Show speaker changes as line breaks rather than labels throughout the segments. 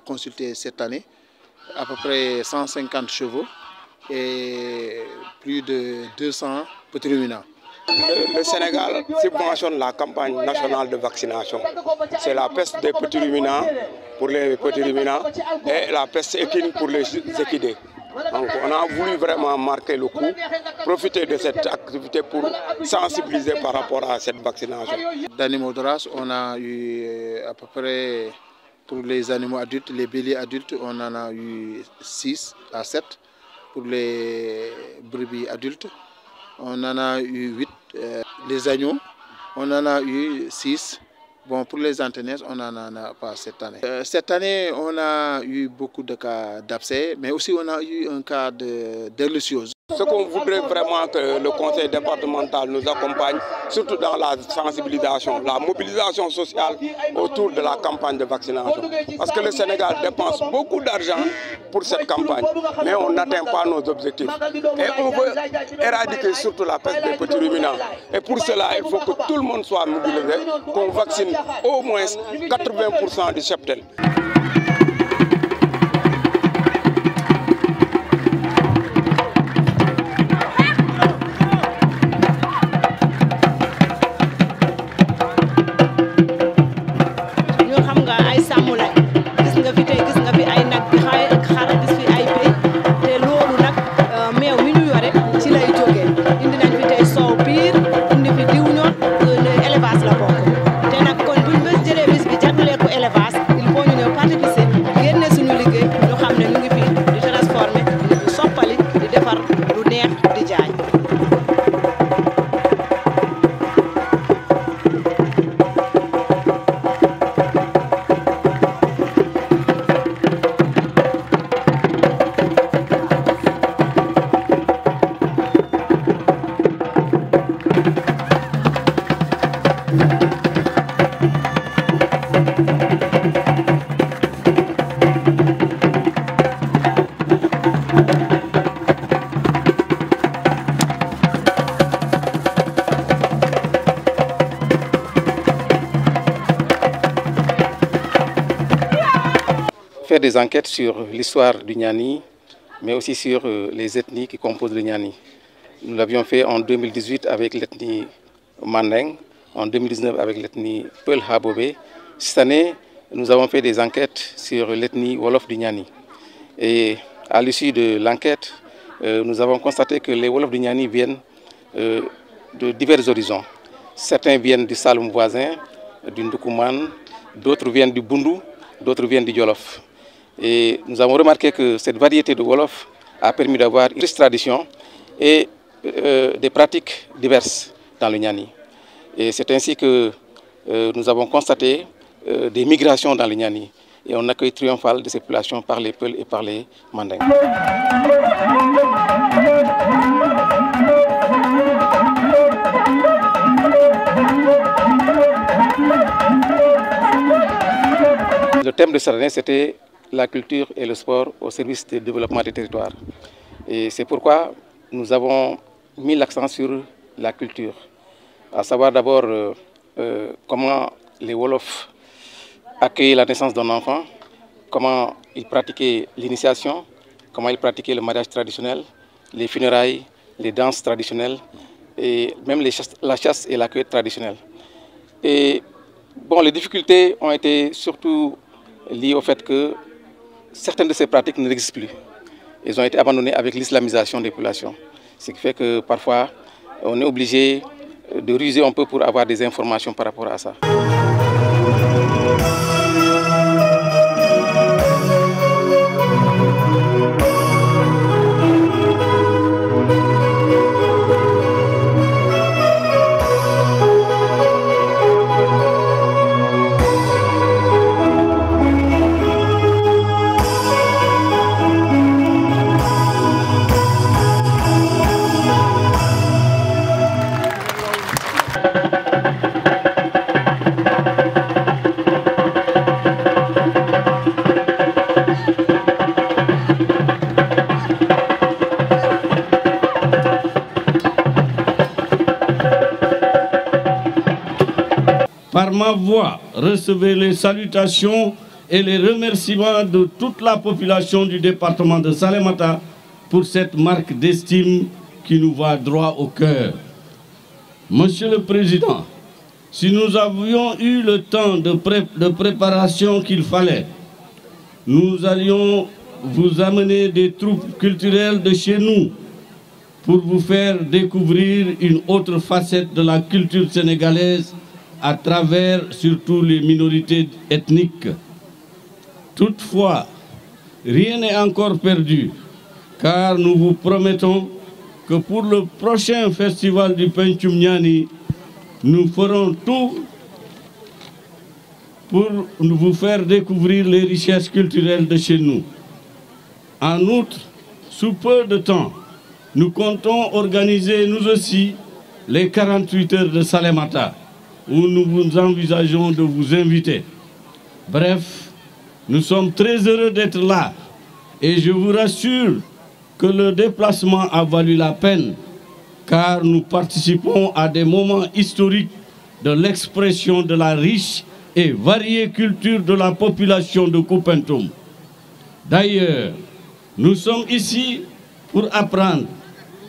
consulté cette année, à peu près 150 chevaux et plus de 200 petits ruminants. Le, Sénégal subventionne la campagne nationale de vaccination. C'est la peste des petits ruminants pour les petits ruminants et la peste équine pour les équidés. Donc on a voulu vraiment marquer le coup, profiter de cette activité pour sensibiliser par rapport à cette vaccination. D'animaux de race, on a eu euh, à peu près pour les animaux adultes, les béliers adultes, on en a eu 6 à 7. Pour les brebis adultes, on en a eu 8. Euh, les agneaux, on en a eu 6. Bon, pour les antennes, on n'en a pas cette année. Euh, cette année, on a eu beaucoup de cas d'abcès, mais aussi on a eu un cas de, délicieuse. Ce qu'on voudrait vraiment que
le conseil départemental nous accompagne, surtout dans la sensibilisation, la mobilisation sociale autour de la campagne de vaccination. Parce que le Sénégal dépense beaucoup d'argent pour cette campagne, mais on n'atteint pas nos objectifs.
Et on veut éradiquer surtout la peste des petits ruminants. Et pour cela, il faut que tout le monde soit mobilisé, qu'on vaccine au moins 80 du cheptel. Faire des enquêtes sur l'histoire du Niani, mais aussi sur euh, les ethnies qui composent le Nyani. Nous l'avions fait en 2018 avec l'ethnie Mandeng, en 2019 avec l'ethnie Peul Habobé, cette année, nous avons fait des enquêtes sur l'ethnie Wolof du nyani Et à l'issue de l'enquête, euh, nous avons constaté que les Wolof du viennent euh, de divers horizons. Certains viennent du Saloum voisin, du Ndoukoumane, d'autres viennent du Bundou, d'autres viennent du Yolof. Et nous avons remarqué que cette variété de Wolof a permis d'avoir une tradition et euh, des pratiques diverses dans le Et c'est ainsi que nous avons constaté euh, des migrations dans les Niani et on accueille triomphal de ces populations par les Peuls et par les Mandingues. Le thème de cette année, c'était la culture et le sport au service du développement des territoires. Et c'est pourquoi nous avons mis l'accent sur la culture, à savoir d'abord euh, euh, comment les Wolofs accueillir la naissance d'un enfant, comment il pratiquait l'initiation, comment il pratiquait le mariage traditionnel, les funérailles, les danses traditionnelles et même la chasse et la cueillette traditionnelle. Et bon, les difficultés ont été surtout liées au fait que certaines de ces pratiques n'existent plus. Elles ont été abandonnées avec l'islamisation des populations. Ce qui fait que parfois, on est obligé de ruser un peu pour avoir des informations par rapport à ça.
recevez les salutations et les remerciements de toute la population du département de Salemata pour cette marque d'estime qui nous va droit au cœur. Monsieur le Président, si nous avions eu le temps de préparation qu'il fallait, nous allions vous amener des troupes culturelles de chez nous pour vous faire découvrir une autre facette de la culture sénégalaise à travers surtout les minorités ethniques. Toutefois, rien n'est encore perdu, car nous vous promettons que pour le prochain festival du Penchumniani, nous ferons tout pour vous faire découvrir les richesses culturelles de chez nous. En outre, sous peu de temps, nous comptons organiser nous aussi les 48 heures de Salemata où nous vous envisageons de vous inviter. Bref, nous sommes très heureux d'être là et je vous rassure que le déplacement a valu la peine car nous participons à des moments historiques de l'expression de la riche et variée culture de la population de Coupentum. D'ailleurs, nous sommes ici pour apprendre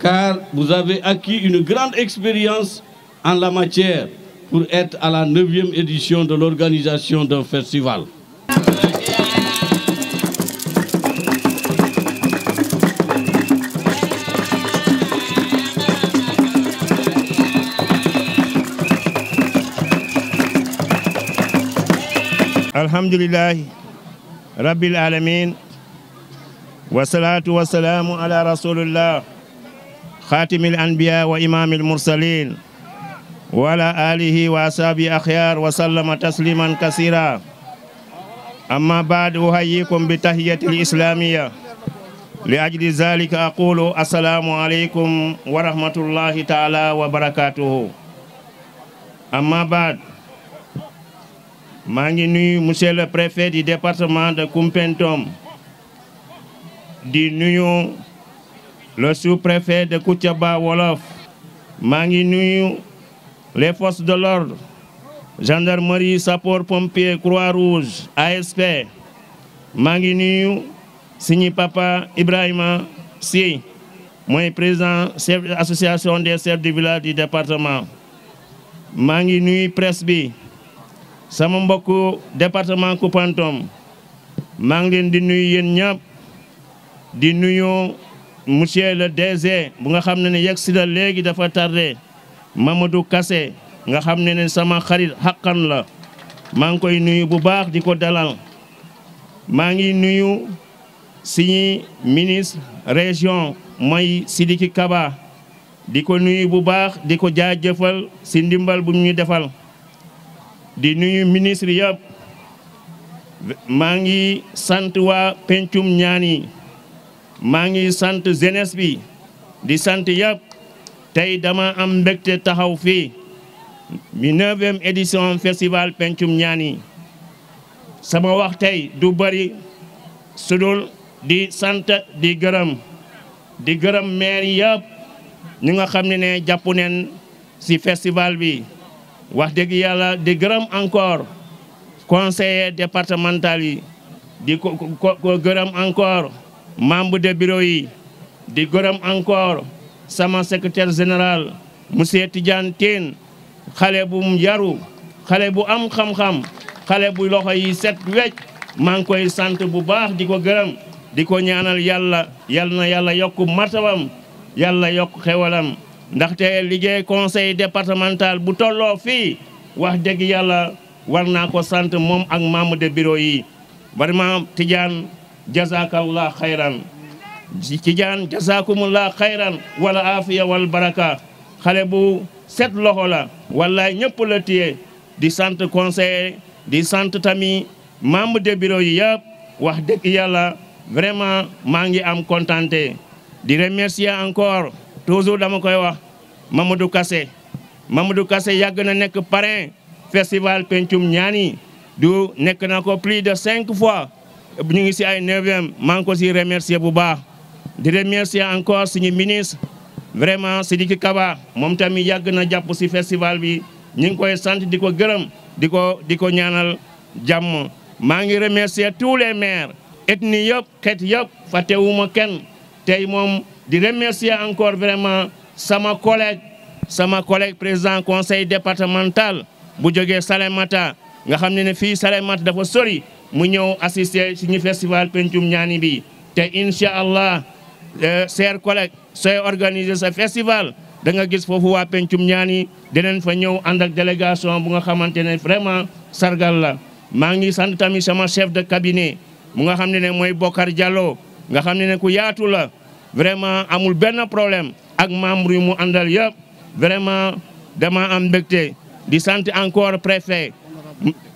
car vous avez acquis une grande expérience en la matière pour être à la 9e édition de l'organisation d'un festival.
الحمد لله رب العالمين والصلاة والسلام على رسول الله خاتم الأنبياء وإمام المرسلين وعلى آله وأصحابه أخيار وسلم تسليما كثيرا أما بعد أحييكم بتحية الإسلامية لأجل ذلك أقول السلام عليكم ورحمة الله تعالى وبركاته أما بعد maa ngi nuyu monsieur le préfet du département de Koumpentoum di nuyu le sous-préfet de Koutiaba Wolof maa nuyu les forces de l'ordre, gendarmerie, sapeurs-pompiers, Croix-Rouge, ASP, Manginui, Signi Papa, Ibrahima, Si, moi président, chef de des chefs de village du département. Manguiniou, Presby, sama département Kupantom, maa ngi di nuyu monsieur le tardé Mamadou kase nga xam ne ne sama xarit xàqan la maa ngi koy nuyu bu baax di ko dalal maa ngi nuyu suñu ministre région mooy Sidiki Kaba di ko nuyu bu baax di ko jaajëfal si ndimbal bu ñu defal di nuyu ministre yàpp maa ngi sant waa pencum ñaan maa ngi sant jeunesse bi di sant yàpp tay dama am mbekté taxaw fi mi 9e édition festival penchum ñani sama wax tay, du bari sudul di sante di gërëm di gërëm maire yëpp ñi nga xam né jappu nen ci festival bi wax dëgg yalla di gërëm encore conseiller départemental yi di ko Angkor, Mambo encore membre de bureau yi di gërëm encore sama secrétaire général monsieur Tidiane Tène xale bu mu yaru xale bu am xam-xam xale bu loxo yi set wecc maa ngi koy sant bu baax di ko gërëm di ko ñaanal yàlla yàlla na yàlla yokk martabam yàlla yokk xewalam ndaxte liggéey conseil départemental bu tolloo fii wax dëgg yàlla war naa ko sant moom ak membre de bureau yi vraiment Tidiane jazakallah xayran ci jaan laa xayran wala afiya wal baraka xale bu set loxo la walla ñëpp la téye di sant conseil di sant tami membre de bureau yi yëpp wax dëgg yàlla vraiment maa ngi am contenté di remercier encore toujours dama koy wax Mamadou Kassé du kase yàgg na nekk parrain festival pencum ñaani du nekk na ko plus de cinq fois ñu ngi si ay neuvième maa ngi si remercier bu baax di remercier encore suñu ministre vraiment Sidiki Kaba moom tamit yàgg na jàpp si festival bi ñu ngi koy sant di ko gërëm di ko di ko ñaanal jàmm maa ngi remercier tous les maires ethnie yëpp xeet yëpp fàttewuma kenn tey moom di remercier encore vraiment sama collègue sama collègue président conseil départemental bu jógee Salemata nga xam ne ne fii Salemata dafa sori mu ñëw assister suñu festival pencum ñaani bi te incha allah Eh, ser collègues soy organiser sa festival da nga gis fofu wa pencum ñani denen fa ñew ànd ak délégation bu nga xamantene vraiment sargal la ma ngi sant tammi sama chef de cabinet mu nga xamne ne moy Bokar Diallo nga xamne ne ku yaatu la vraiment amul ben problème ak membre yu mu andal yëpp vraiment dama am mbégte di sant encore préfet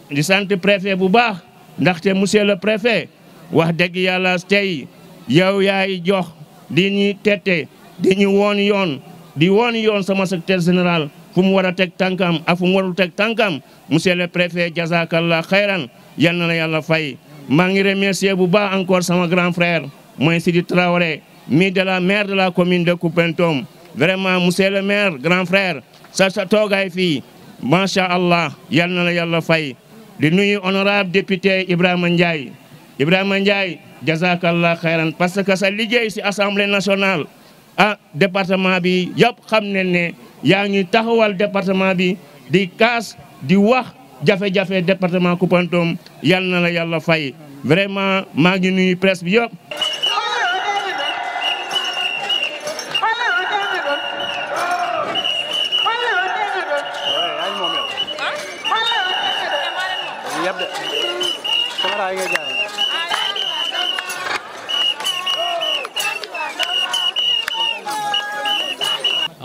di sant préfet bu baax ndaxte monsieur le préfet wax dëgg yalla yau yow yaay jox di ñuy tette di ñu woon yoon di woon yoon sama secrétaire général fu mu war a teg tànkam ak fu mu warul teg tànkam monsieur le préfet jazakallah xayran yal na la yàlla fay maa ngi remercier bu baax encore sama grand frère mooy Sidi Traoré mi de la maire de la commune de Koupentoum vraiment monsieur le maire grand frère sa sa toogaay fii macha allah yal na la yàlla fay di nuyu honorable député Ibrahima Ibrahim Ndiaye jazakallah khairan parce que sa liguey ci assemblée nationale ah département bi yop xamne ne ne ngi taxawal département bi di kas di wax jafe-jafe département coupantom yal na la yalla fay vraiment ma ngi nuyu presse bi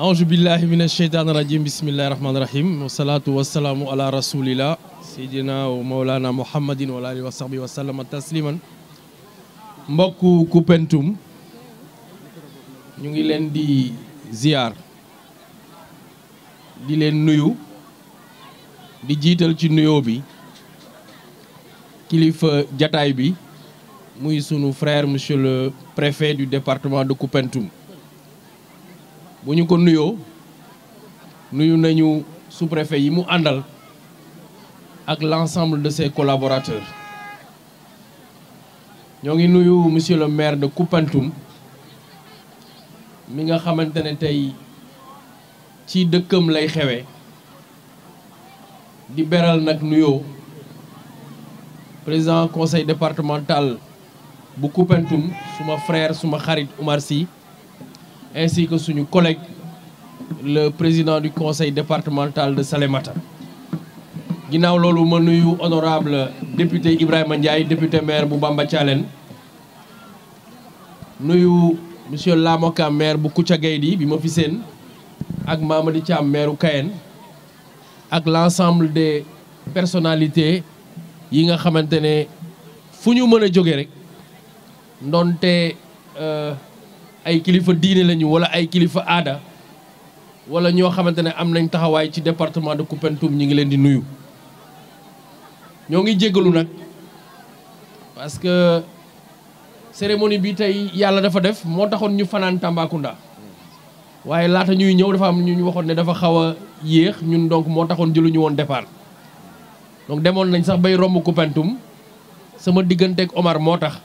aouzu billahi min asheytaani rajim bismillahi rahmaani rahim wasalaatu wasalaamu ala rasulillah seydina wa muhammadin wa alihi wa sahbi mbokku Koupentoum ñu ngi leen di ziar di leen nuyu di jiital ci nuyoo bi kilifa jataay bi muy sunu frère monsieur le préfet du département de Koupentoum bu ñu ko nuyoo nuyu nañu sous-préfet yi mu àndal ak l'ensemble de ses collaborateurs ñoo ngi nuyu monsieur le maire de Koupantoum mi nga xamante ne tey ci dëkkam lay xewe di beral nag nuyoo président conseil départemental bu Koupantoum suma frère suma xarit Oumar Sy ainsi que son collègue le président du conseil départemental de Salemata. Nous sommes ma nuyu honorable député Ibrahima Ndiaye député maire bu Bamba nous nuyu monsieur Lamoka maire de Kouthia Gaydi bi maire Kayen l'ensemble des personnalités yi nga ay kilifa diine lañu wala ay kilifa aada wala ño xamantene amneng am nañ taxaway ci département de Koupentoum ñi ngi leen di nuyu ño ngi jéggalu nak parce que cérémonie bi tay yalla dafa def mo taxone ñu fanan Tambacounda waye lata ñuy ñew dafa am ñu waxone ne dafa xawa yeex ñun donc taxone jëlu ñu won départ donc demoon nañ sax bay romb Koupentoum sama ak Omar moo tax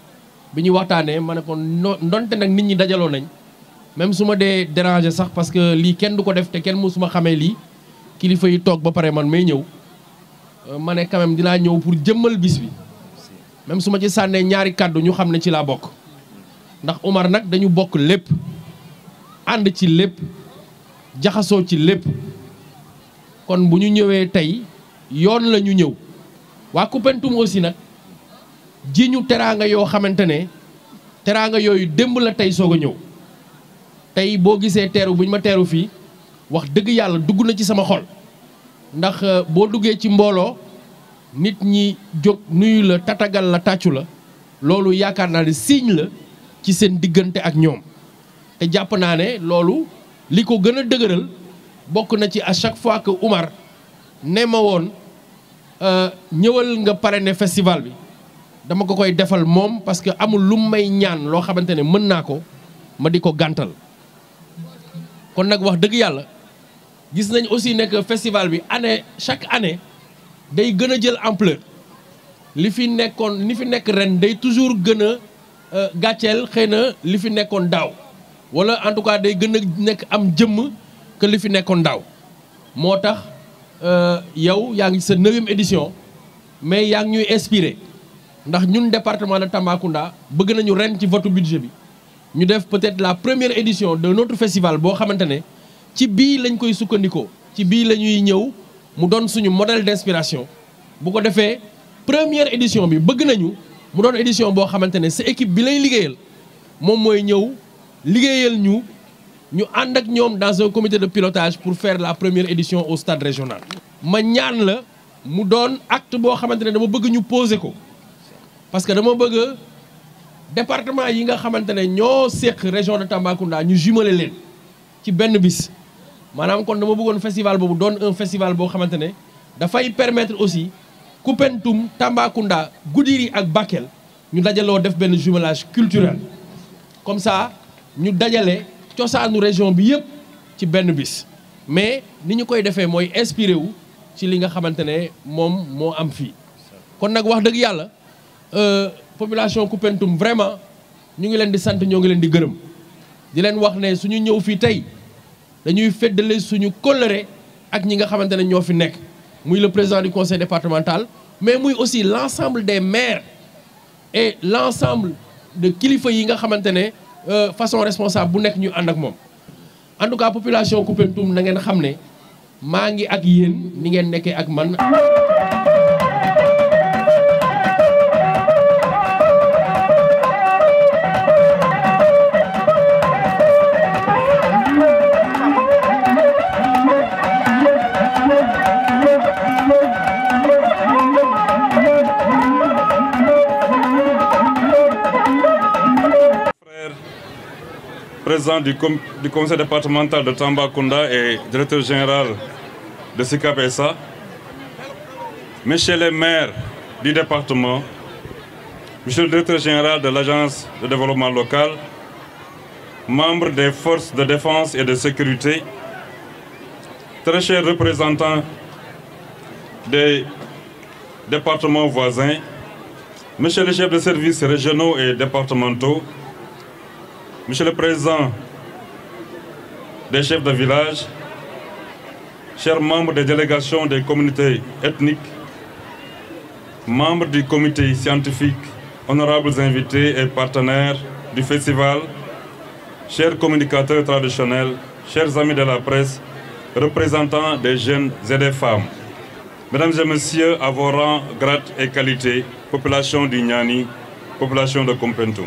bi ñu waxtaanee ma ne ko ndonte nag nit ñi dajaloo nañ même su ma dee déranger sax parce que lii kenn du ko def te kenn mu suma xamee lii kilifa yi toog ba pare man may ñëw euh, ma ne quand dinaa ñëw pour jëmmal bis bi même su ma ci sànnee ñaari kàddu ñu xam ne ci laa bokk ndax Umar nag dañu bokk lépp ànd ci lépp jaxasoo ci lépp kon bu ñu ñëwee tey yoon la ñu ñëw waa Koupentoum aussi nag jiiñu teraanga yoo xamante ne teraanga yooyu démb la tey soog a ñëw tey boo gisee teeru bu ñu ma teeru fii wax dëgg yàlla dugg na ci sama xol ndax euh, boo duggee ci mbooloo nit ñi jóg nuyu la tatagal la tàccu la loolu yaakaar naa ne signe la ci seen diggante ak ñoom te jàpp naa ne loolu li ko gën a dëgëral bokk na ci à chaque fois que Umar ne ma woon euh, ñëwal nga ne festival bi dama ko koy defal mom parce que amul lu may ñaan lo xamantene ne mën naa ko ma diko gantal kon nak wax deug yalla gis nañ aussi nek festival bi année chaque année day gën jël ampleur li fi nekkoon ni fi nekk ren day toujours gën euh, gatchel xeyna li fi nekkoon daw wala en tout cas day gën nek am jëm que li fi nekkoon daw motax euh yow yaa ngi sa neuvième édition mais yaa ngi ñuy inspiré ndax ñun département de Tambacounda bëgg nañu ren ci votu budget bi ñu def peut-être la première édition de notre festival bo xamantene ci bi lañ koy sukkandiko ci bi lañuy ñëw mu doon suñu modèle d'inspiration bu ko défé première édition bi bëgg nañu mu doon édition bo xamantene C'est équipe bi lay ligéyal mom moy ñëw ligéyal ñu ñu and ak ñom dans un comité de pilotage pour faire la première édition au stade régional ma ñaan la mu doon acte bo xamantene ne dama bëgg ñu poser ko parce que dama bëgg département yi nga xamante ne ñoo séq région de Tambacounda ñu jumale leen ci benn bis maanaam kon dama bëggoon festival boobu doon un festival boo xamante ne dafay permettre aussi Koupentoum Tambacounda Goudiri ak Bakel ñu dajaloo def benn jumelage culturel comme ça ñu dajale cosaanu région bi yëpp ci benn bis mais ni ñu koy defee mooy inspiré wu ci li nga xamante ne moom moo am fii kon nag wax dëgg yàlla Euh, population Koupentoum vraiment ñu ngi leen di sant ñoo ngi leen di gërëm di leen wax ne suñu ñëw fii tey dañuy feddale suñu kóllëre ak ñi nga xamante ñoo fi nekk muy le président du conseil départemental mais muy aussi l'ensemble des maires et l'ensemble de kilifa yi nga xamante euh façon responsable bu nekk ñu and ak mom en tout cas population coupentoum na ngeen xamné maangi ak yeen ni ngeen nekkee ak man
président du, conseil départemental de Tambacounda et directeur général de SICAPESA, Monsieur le maire du département, Monsieur le directeur général de l'Agence de développement local, membres des forces de défense et de sécurité, très chers représentants des départements voisins, Monsieur le chef de services régionaux et départementaux, Monsieur le Président des chefs de village, chers membres des délégations des communautés ethniques, membres du comité scientifique, honorables invités et partenaires du festival, chers communicateurs traditionnels, chers amis de la presse, représentants des jeunes et des femmes, Mesdames et Messieurs, à vos rangs, et qualités, population du Niani, population de Compentum.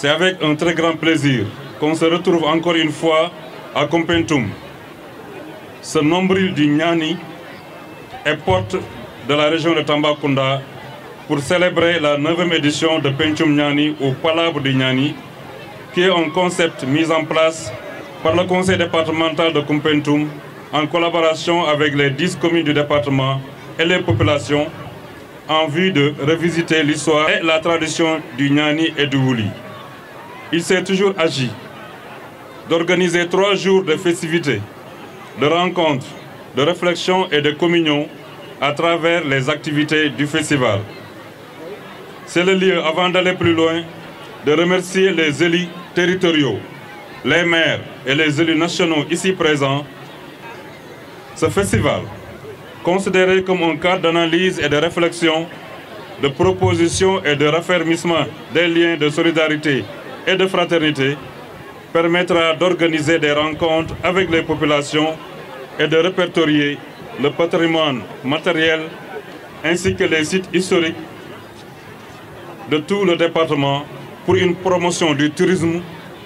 C'est avec un très grand plaisir qu'on se retrouve encore une fois à Compentum, ce nombril du Nyani, est porte de la région de Tambacounda pour célébrer la 9e édition de Pentum Nyani au Palabre du Nyani, qui est un concept mis en place par le conseil départemental de Compentum en collaboration avec les 10 communes du département et les populations en vue de revisiter l'histoire et la tradition du Nyani et du Wouli il s'est toujours agi d'organiser trois jours de festivités, de rencontres, de réflexions et de communions à travers les activités du festival. C'est le lieu, avant d'aller plus loin, de remercier les élus territoriaux, les maires et les élus nationaux ici présents. Ce festival, considéré comme un cadre d'analyse et de réflexion, de proposition et de raffermissement des liens de solidarité et de fraternité permettra d'organiser des rencontres avec les populations et de répertorier le patrimoine matériel ainsi que les sites historiques de tout le département pour une promotion du tourisme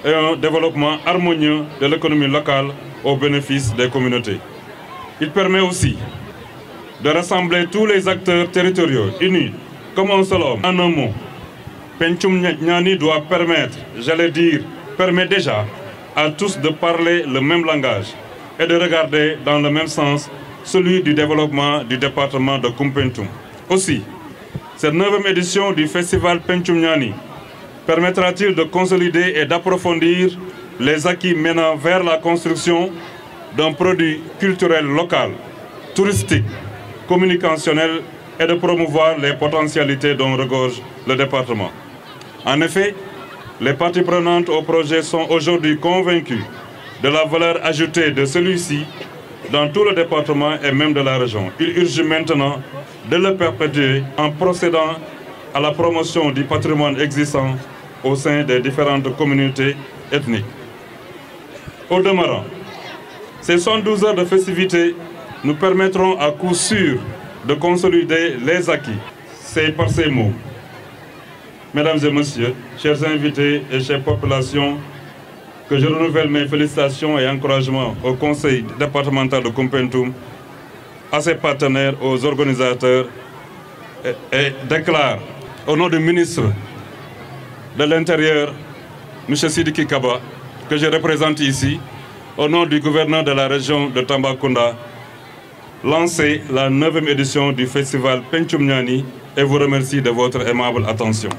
et un développement harmonieux de l'économie locale au bénéfice des communautés. Il permet aussi de rassembler tous les acteurs territoriaux unis comme un seul homme en un mot Penchum Nyani doit permettre, j'allais dire, permet déjà à tous de parler le même langage et de regarder dans le même sens celui du développement du département de Kumpentum. Aussi, cette neuvième édition du festival Penchum Nyani permettra-t-il de consolider et d'approfondir les acquis menant vers la construction d'un produit culturel local, touristique, communicationnel et de promouvoir les potentialités dont regorge le département. En effet, les parties prenantes au projet sont aujourd'hui convaincues de la valeur ajoutée de celui-ci dans tout le département et même de la région. Il urge maintenant de le perpétuer en procédant à la promotion du patrimoine existant au sein des différentes communautés ethniques. Au demeurant, ces 112 heures de festivité nous permettront à coup sûr de consolider les acquis. C'est par ces mots Mesdames et messieurs, chers invités et chers populations, que je renouvelle mes félicitations et encouragements au Conseil départemental de Kumpentum, à ses partenaires, aux organisateurs, et, déclare au nom du ministre de l'Intérieur, M. Sidiki Kaba, que je représente ici, au nom du gouverneur de la région de Tambacounda, lancer la 9e édition du festival Penchumnyani et vous remercie de votre aimable attention.